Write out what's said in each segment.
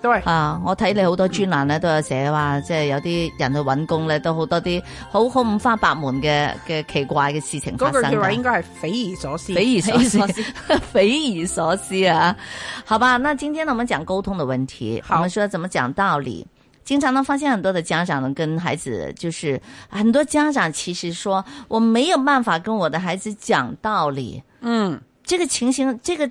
對啊！我睇你好多專欄咧，都有寫話，即、嗯、係有啲人去揾工呢都好多啲好好五花八門嘅嘅奇怪嘅事情發生的。句、那個、說話應該係匪夷所思，匪夷所思，匪夷所思， 匪夷所思啊！ 好吧，那今天呢，我們講溝通的問題，我們說怎麼講道理。經常呢，發現很多的家長呢，跟孩子，就是很多家長其實說，我沒有辦法跟我的孩子講道理。嗯，這個情形，這個。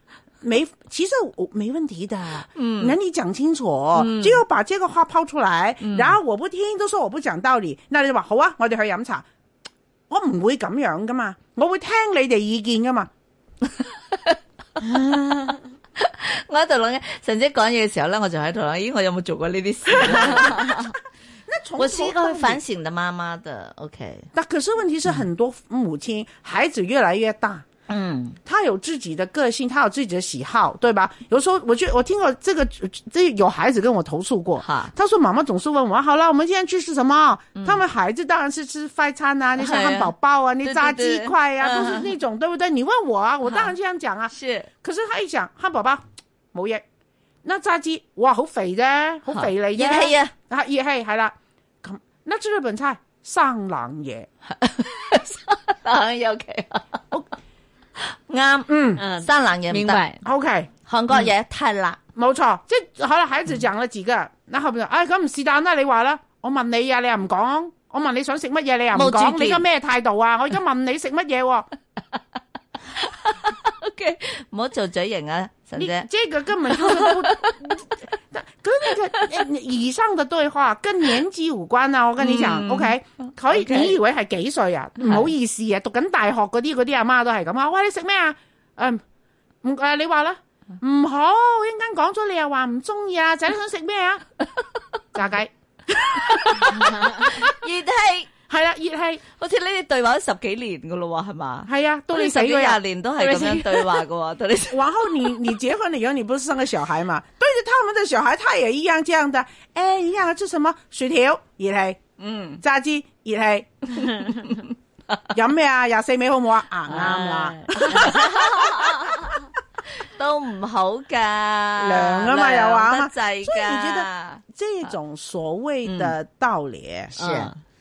沒，其實我沒問題的。嗯，那你講清楚，嗯、只要把這個話拋出來。嗯，然後我不聽，都說我不講道理，嗯、那你就話，好啊，我哋去飲茶。我唔會咁樣噶嘛，我會聽你哋意見噶嘛。 我喺度諗嘅，甚至講嘢嘅時候咧，我就喺度諗：咦，我有冇做過呢啲事？ 我是一個反省的媽媽的。OK。但可是問題是，嗯、很多母親孩子越來越大。嗯，他有自己的個性，他有自己的喜好，對吧？有時候我覺得我聽過這個，這個、有孩子跟我投訴過，他說媽媽總是問我，好了，我們今天去吃什麼、嗯？他們孩子當然是吃快餐啊，那、嗯、漢堡包啊，那炸雞塊啊對對對、嗯，都是那種，對不對？你問我啊，我當然這樣講啊。是，可是他一講漢堡包冇嘢，那炸雞哇好肥啫，好肥嚟嘅，熱氣啊，可以啊熱氣係啦，那吃日本菜生冷嘢，冷又奇啊。 生冷嘢 OK 啱、嗯 okay,，嗯，嗯，生冷嘢唔得。OK，韓國嘢太辣，冇錯。即係啦喺一直講咗自個、嗯哎，那後邊，啊咁唔是但啦，你話啦，我問你呀、啊，你又唔講，我問你想食乜嘢，你又唔講，你而家咩態度啊？我而家問你食乜嘢？OK，唔好做嘴型啊，神姐。你這個根本跟呢個以上的對話跟年紀無關啊，我跟你講、嗯、，OK？可、okay, 以你以為係幾歲啊？唔、okay, 好意思啊，讀緊大學嗰啲嗰啲阿媽都係咁啊！喂，你食咩啊？嗯，唔誒、啊，你話啦，唔好一陣間講咗，你又話唔中意啊！仔你想食咩啊？炸雞，熱 氣。 係啦、啊，熱氣，好似你哋對話都十幾年噶咯喎，係嘛？係啊，到你十幾廿年都係咁樣對話噶喎，同、啊、 你。往後你結婚以後你不是生個小孩嘛， 對着他們的小孩，他也一樣這樣的。誒、哎，一樣係吃什麼薯條、熱氣、嗯炸雞、熱氣，飲 咩 好 啊？廿四味好唔好啊？啱啦，都唔好噶，涼啊嘛又啊嘛，所以你覺得、嗯、這種所謂的道理、嗯、是、啊。嗯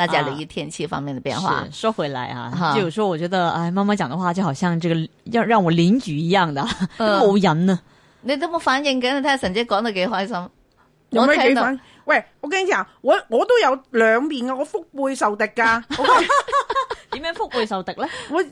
大家對於天氣方面的變化，啊、是說回來啊，啊，就有時候我覺得，哎，媽媽講的話就好像這個要讓我鄰居一樣的，冇、嗯、陽啊？你都冇反應嘅，你睇下神姐講得幾開心。有咩反應？喂，我跟你講，我我都有兩面啊。我腹背受敵噶。 聽到 點樣腹背受敵呢？我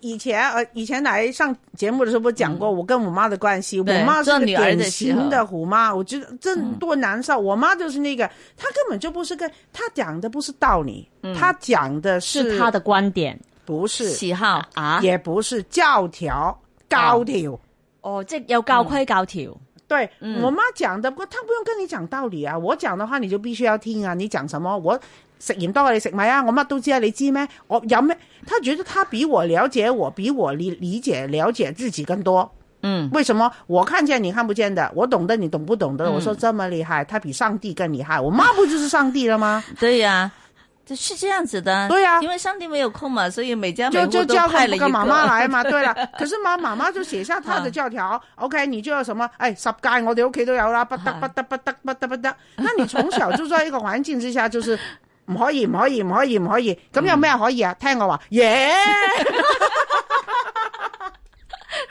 以前，誒，以前來上節目的時候，我講過我跟我媽的關係，嗯。我媽是典型的虎媽，我覺得這多難受。我媽就是那個，她根本就不是個，她講的不是道理，嗯、她講的是，是她的觀點，不是喜好啊，也不是教條教條。哦，即有教規教條。對，嗯、我媽講的，不過她不用跟你講道理啊，我講的話你就必須要聽啊，你講什麼我。食鹽多過你食米啊！我乜都知啊！你知咩？我有咩？他覺得他比我了解我，比我理理解了解自己更多。嗯，為什麼我看見你看不見的，我懂得你懂不懂得？嗯，我說這麼厲害，他比上帝更厲害。我媽不就是上帝了嗎？對呀、啊，就是這樣子的。對呀、啊，因為上帝沒有空嘛，所以每家每戶都派了一個就就媽媽來嘛。對啦， 可是媽媽媽就寫下他的教條。啊、OK，你就要什麼？誒、哎，十戒我哋屋企都有啦，不得不得不得不得不得。 那你從小就在一個環境之下，就是。唔可以，唔可以，唔可以，唔可以，咁有咩可以啊？嗯、聽我話，耶 Yeah!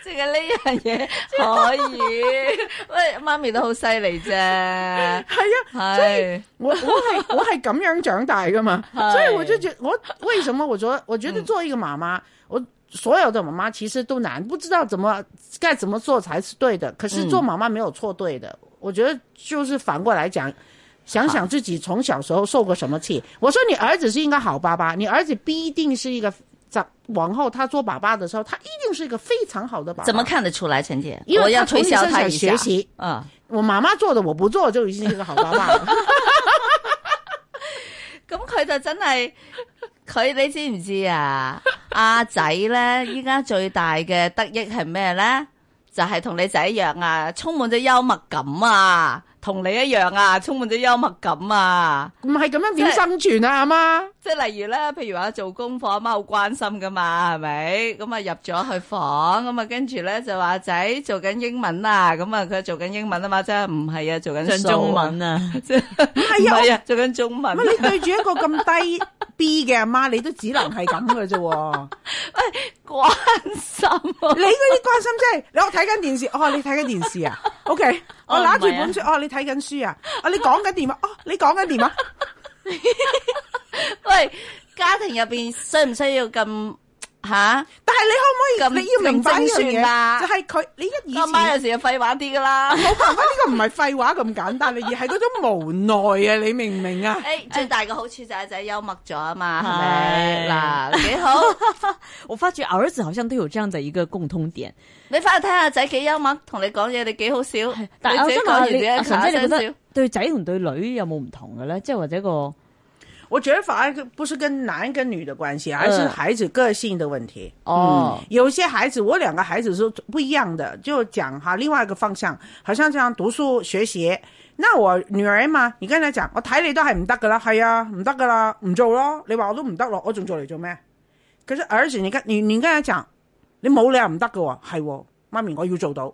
即是！即係呢樣嘢可以，喂，媽咪都好犀利啫。係啊，即係我 我係我係咁樣長大噶嘛，所以我就覺得我為什麼我覺我覺得做一個媽媽、嗯，我所有的媽媽其實都難，不知道怎麼該怎麼做才是對的。可是做媽媽沒有錯對的，我覺得就是反過來講。想想自己從小時候受過什麼氣，我說你兒子是一個好爸爸，你兒子必定是一個王后，在往後他做爸爸的時候，他一定是一個非常好的爸爸。怎麼看得出來，陳姐？我要推銷他一下啊！我媽媽做的，我不做就已經是一個好爸爸。咁佢、嗯、就是、爸爸 佢真係，佢你知唔知啊？阿仔咧，依家最大嘅得益係咩咧？就係、是、同你仔一樣啊，充滿咗幽默感啊！同你一樣啊，充滿咗幽默感啊，唔係咁樣點生存啊，阿媽。媽即係例如咧，譬如話做功課，阿媽好關心噶嘛，係咪？咁啊入咗去房，咁啊跟住咧就話仔做緊英文啊，咁啊佢做緊英文啊嘛，真唔係啊，做緊中，中文啊，即係唔係啊，做緊中文，啊。你對住一個咁低 B 嘅阿媽，你都只能係咁噶啫？喂， 關心，啊，你嗰啲關心即係，我睇緊電視，哦，你睇緊電視啊？OK，哦、我拿住本書，啊，哦，你睇緊書啊？啊，你講緊電話，哦，你講緊電話。 喂，家庭入邊需唔需要咁吓、啊？但係你可唔可以咁，你要明白算啦、啊？就係、是、佢你一當媽有陣時就廢話啲噶啦。冇辦法，呢個唔係廢話咁簡單，而係嗰種無奈啊！你明唔明啊？誒、哎，最大嘅好處就係仔幽默咗啊嘛，係咪嗱？幾 多好。 我發覺兒子好像都有這樣一， 一個共通點。你翻去睇下仔幾幽默，同你講嘢，你幾好笑。但係我真係想查一查，對仔同對女有冇唔同嘅咧？即、啊、係或者個。我覺得反而不是跟男跟女的關係，而是孩子個性的問題。哦、嗯嗯，有些孩子，我兩個孩子是不一樣的，就講哈另外一個方向，好像這樣讀書學習。那我女兒嘛，你跟佢講，我睇你都係唔得噶啦，係呀，唔得噶啦，唔做咯。你話我都唔得咯，我仲做嚟做咩？其實兒子，你跟你你跟佢講，你冇理由唔得噶，係、哦，媽咪我要做到。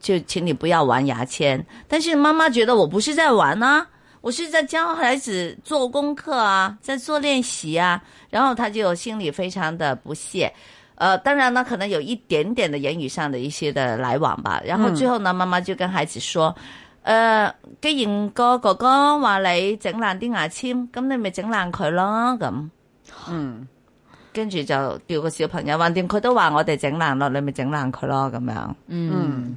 就請你不要玩牙籤，但是媽媽覺得我不是在玩啊，我是在教孩子做功課啊，在做練習啊，然後他就心裏非常的不屑，呃，當然呢可能有一點點的言語上的一些的來往吧，然後最後呢，媽媽就跟孩子說，誒、嗯呃，既然哥哥哥話你整爛啲牙籤，咁你咪整爛佢咯咁，嗯，跟住就叫個小朋友問點，佢都話我哋整爛，爛咯，你咪整爛佢咯咁樣，嗯。嗯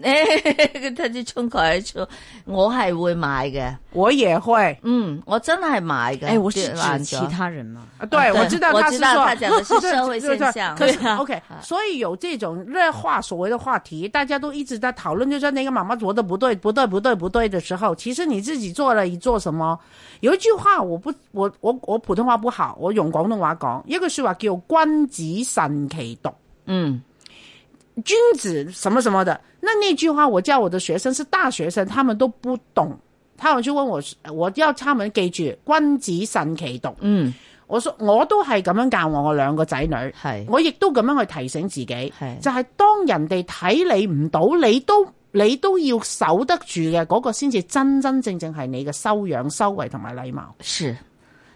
誒，他就衝口而出，我還會買嘅，我也會，嗯，我真的係買嘅。誒、欸，我是指、啊、其他人嘛？啊，對，我知道，我知道他，知道他講的是社會現象。哦、對，現象 對啊，OK，所以有這種熱話所謂的話題，大家都一直在討論，就說那個媽媽做的不對，不對，不對，不對的時候，其實你自己做了一做什麼？有一句話，我不，我，我，我普通話不好，我用廣東話講，一句說話叫君子慎其獨。嗯，君子什麼什麼的。那那句話，我知道我的學生是大學生，他們都不懂，他們就問我，我要他們記住君子慎其獨，嗯，我說我都係咁樣教我我兩個仔女，係，我亦都咁樣去提醒自己，係，就係、是、當人哋睇你唔到，你都你都要守得住嘅嗰、那個，先至真真正正係你嘅修養、修為同埋禮貌。是。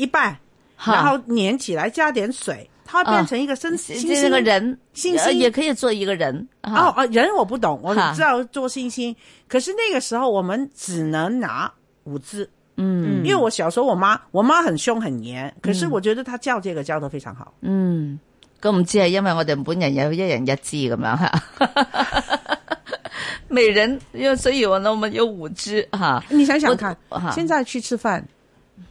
一半，然後粘起來，加點水，它變成一個生，哦、星星，這個人星星也可以做一個人。哦哦，人我不懂，我知道做星星。可是那個時候我們只能拿五隻。嗯，因為我小時候我媽，我媽很兇很嚴，可是我覺得她教這個教的非常好。嗯，咁唔知係因為我哋本人有一人一支咁樣哈， 每人，因為所以我那麼有五隻。哈。你想想看，現在去吃飯。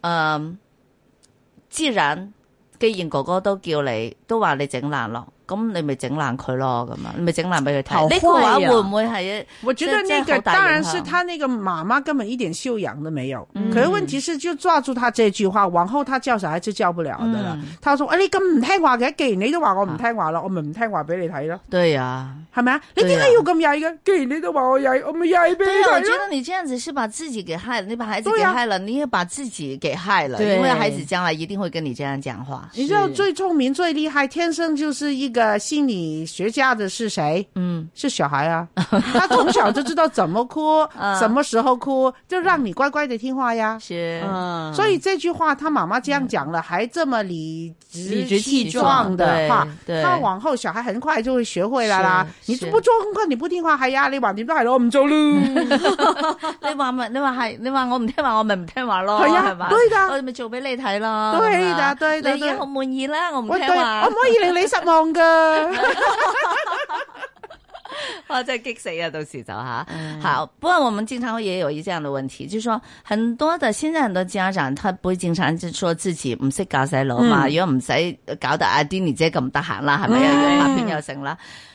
嗯、um,，既然既然哥哥都叫你，都話你整爛咯。咁你咪整爛佢咯，咁啊，咪整爛俾佢睇。呢句話會唔會係？我覺得呢個當然是他那個媽媽根本一點修養都沒有、嗯。可是問題是就抓住他這句話，往後他叫小孩就叫不了的了、嗯、他說：，哎，你咁唔聽話嘅，既然你都話我唔聽話啦，我咪唔聽話俾你睇啦。對呀，係咪啊？你點解要咁曳嘅？既然你都我話我曳、啊，我咪曳、啊啊我，我，啊、我覺得你這樣子是把自己給害了，你把孩子給害了，對、啊，你也把自己給害了。對啊、因為孩子將來一定會跟你這樣講話。你知道最聰明、最厲害，天生就是一個。這個心理學家的是誰？嗯，是小孩啊， 他從小就知道怎麼哭、啊，什麼時候哭，就讓你乖乖的聽話呀、啊。是、嗯，所以這句話他媽媽這樣講了、嗯，還這麼理直氣壯的話，理直氣壯對，對。他往後小孩很快就會學會了啦。你不做功課，你不聽話，還壓力嘛？你都係咯，唔做咯。 你話咪？你話係？你話我唔聽話，我咪唔聽話咯？係嘛？對噶，我咪做俾你睇咯。對的對的對對，你已經好滿意啦。我唔聽話，我唔可以令你失望噶。 我真係激死啊！到時就吓，嗯、好。不過我們經常也有這樣的問題，就是、說很多的現在很多家長，他不會經常就說自己唔識教細路嘛，嗯、如果唔使搞得阿 Denny 姐咁得閒啦，係咪啊？拍片又成啦。嗯嗯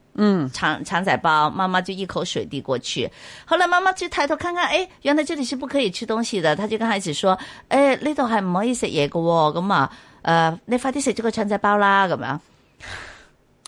嗯，腸腸仔包，媽媽就一口水遞過去。後來媽媽就抬頭看看，誒、欸，原來這裏是不可以吃東西的。她就跟孩子說：“誒、欸，呢度係唔可以食嘢嘅，咁啊，呃，你快啲食咗個腸仔包啦，咁樣。”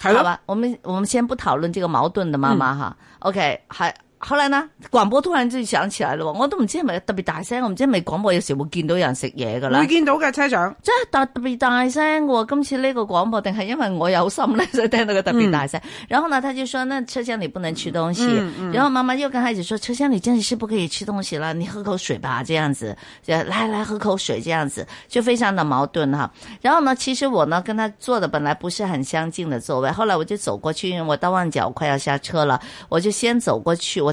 好吧。好，我們我們先不討論這個矛盾的媽媽、嗯、哈。OK，還後來呢，廣播突然就響起來了。我都唔知係咪特別大聲，我唔知係咪廣播有時會見到人食嘢噶啦，會見到嘅車長，真係特特別大聲。我今次呢個廣播定係因為我有心咧，所以聽到個特別大聲。然後呢，他就說：，那車廂裏不能吃東西。嗯嗯嗯、然後媽媽又跟孩子說：，車廂裏真的是不可以吃東西啦，你喝口水吧，這樣子，就來來喝口水，這樣子就非常的矛盾哈。然後呢，其實我呢跟他坐的本來不是很相近的座位，後來我就走過去，因為我到旺角快要下車了，我就先走過去，我。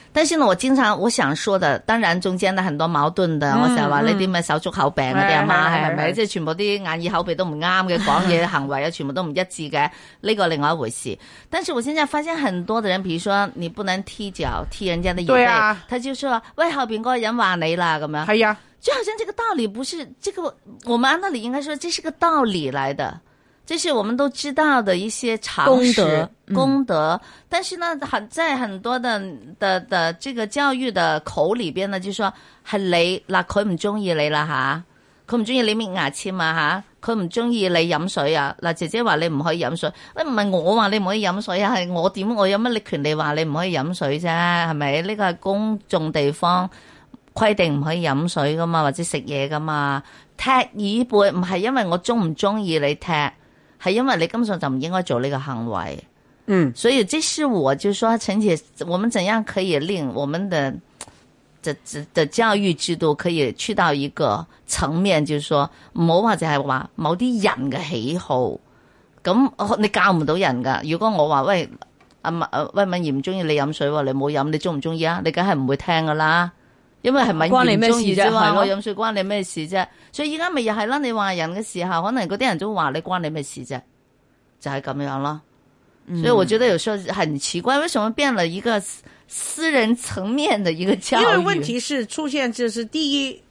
但是呢，我經常我想說的，當然中間的很多矛盾的，嗯、我想話呢啲咩手足口病嗰啲啊嘛，係、嗯、咪？即係、嗯嗯、全部啲眼耳口鼻都唔啱嘅，講嘢行為啊，全部都唔一致嘅，呢個另外一回事。但是我現在發現很多的人，比如說你不能踢腳踢人家的眼，淚、啊、他就說喂、啊、後邊嗰人話你啦咁樣，係啊，就好像這個道理不是，這個我們按道理應該說這是個道理來的。即係我們都知道的一些常識，功德。嗯、功德但是呢，很在很多的的的，的這個教育的口裏邊呢就說係你嗱，佢唔中意你啦吓，佢唔中意你搣牙籤啊吓，佢唔中意你飲水啊嗱。姐姐話你唔可以飲水，喂，唔係我話你唔可以飲水啊，係我點我有乜力權利話你唔可以飲水啫，係咪？呢、這個係公眾地方規定唔可以飲水噶嘛，或者食嘢噶嘛，踢椅背唔係因為我中唔中意你踢。係因為你根本上就唔應該做呢個行為，嗯，所以即是我就說，陳姐，我們怎樣可以令我們的的的教育制度可以去到一個層面就是，說就係說唔好或者係話某啲人嘅喜好，咁你教唔到人噶。如果我話喂阿阿慧敏儀唔中意你飲水，你冇飲、哦，你中唔中意啊？你梗係唔會聽噶啦。因為係咪關你咩事啫，我飲水關你咩事啫，啊？所以依家咪又係啦，你話人嘅時候，可能嗰啲人都話你關你咩事啫？就係、是、咁樣咯、嗯。所以我覺得有時候很奇怪，為什麼變了一個私人層面的一個教育？因為問題是出現，就是第一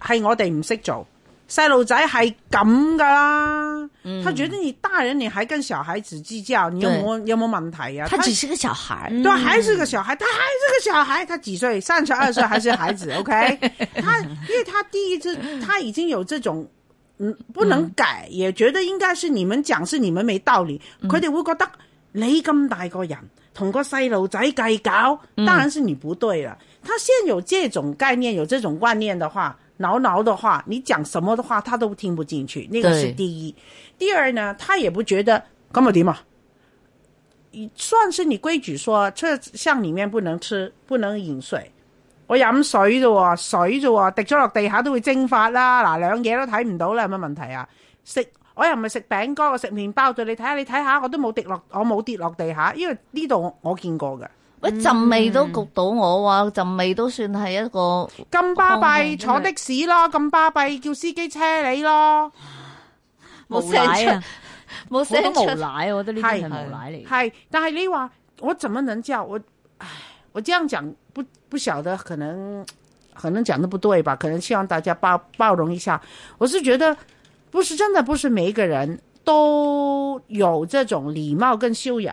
係我哋唔識做。細路仔係咁噶，啦，他覺得你大人，你還跟小孩子計較，你有沒有冇問題啊？他只是個小孩，嗯，對，還是個小孩，他還是個小孩，他幾歲？三十二歲還是孩子 ？OK，他，因為他第一次，他已經有這種，嗯，不能改，嗯，也覺得應該是你們講是你們沒道理，佢，嗯，哋會覺得你咁大個人，同個細路仔計較，當然是你不對了，嗯，他先有這種概念，有這種觀念的話。扭扭的話，你講什麼的話，他都聽不進去。呢、那個是第一，第二呢，他也不覺得咁冇點啊？算是你規矩說，車廂裏面不能吃，不能飲水。我飲水啫，水啫，滴咗落地下都會蒸發啦。嗱，兩嘢都睇唔到啦，有乜問題啊？食，我又唔係食餅乾，我食麵包啫。你睇下，你睇下，我都冇滴落，我冇跌落地下，因為呢度我，我見過嘅。一、嗯、陣味都焗到我哇！陣味都算係一個咁巴閉，嗯、咁巴閉坐的士咯，咁巴閉叫司機車你咯，冇聲冇聲出。我都 無賴，我覺得呢啲係無賴嚟。係，但係你話我怎麼能叫我？我這樣講不不曉得，可能可能講得不對吧？可能希望大家包包容一下。我是覺得，不是真的，不是每一個人都有這種禮貌跟修養。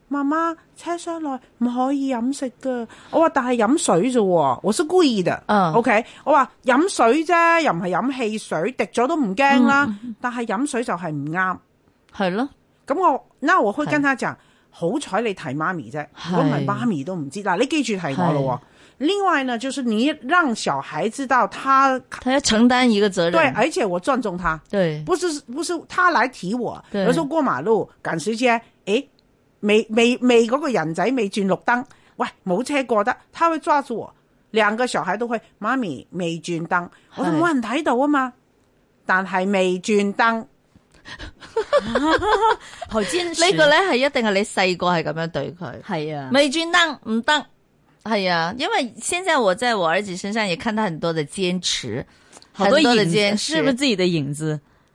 媽媽，車廂內唔可以飲食㗎。我話，但係飲水啫。我是故意的。嗯。OK，我話飲水啫，又唔係飲汽水，滴咗都唔驚啦。嗯、但係飲水就係唔啱。係咯。咁我 now 可以跟他講，好彩你提媽咪啫。我連媽咪都唔知啦，你記住提我咯喎？另外呢，就是你讓小孩知道，他他要承擔一個責任。對，而且我尊重他。對。不是，不是他來提我，有時過馬路趕時間。未未未嗰個人仔未轉綠燈，喂冇車過得，他會抓住我。兩個小孩都會，媽咪未轉燈，我都冇人睇到啊嘛。是，但係未轉燈， 這個呢個咧係一定係你細個係咁樣對佢。係 啊，未轉燈唔得，係啊，因為現在我在我兒子身上也看到很多的堅持，好 多的堅持，是不是自己的影子？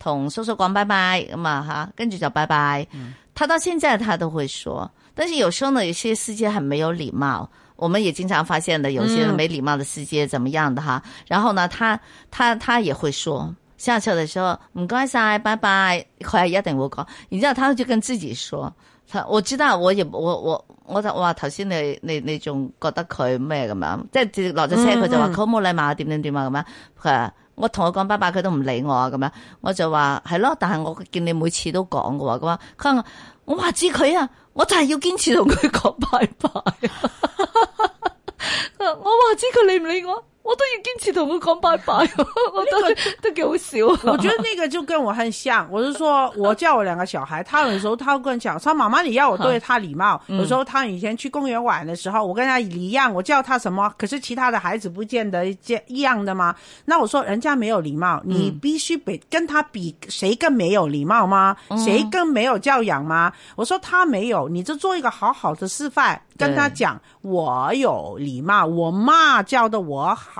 同叔叔講拜拜，咁啊，跟住就拜拜、嗯。他到現在他都會說，但是有時候呢，有些司機很沒有禮貌，我們也經常發現的，有些沒禮貌的司機怎麼樣的哈。嗯、然後呢，他他他，他也會說下車的時候唔該晒，拜拜，佢一定會講。然之後他就跟自己說，他我知道我也我我我我哇頭先你那那，那種覺得佢咩咁嘛？即係老接咗車佢就話佢冇禮貌點點點嘛咁樣吓。我同佢講拜拜，佢都唔理我啊，咁樣，我就話係咯，但係我見你每次都講嘅話，佢話佢我話知佢啊，我就係要堅持同佢講拜拜， 我話知佢理唔理我。我都已經堅持同佢講拜拜，我都、 那個、都幾好笑，啊。我覺得那個就跟我很像，我是說我叫我兩個小孩，他有時候他，他會跟我話媽媽你要我對他禮貌。嗯、有時候，他以前去公園玩的時候，我跟他一樣，我叫他什麼？可是其他的孩子不見得一一樣的嗎？那我說人家沒有禮貌，你必須比跟他比，誰更沒有禮貌嗎、嗯？誰更沒有教養嗎？我說他沒有，你就做一個好好的示範，跟他講我有禮貌，我媽教的我好。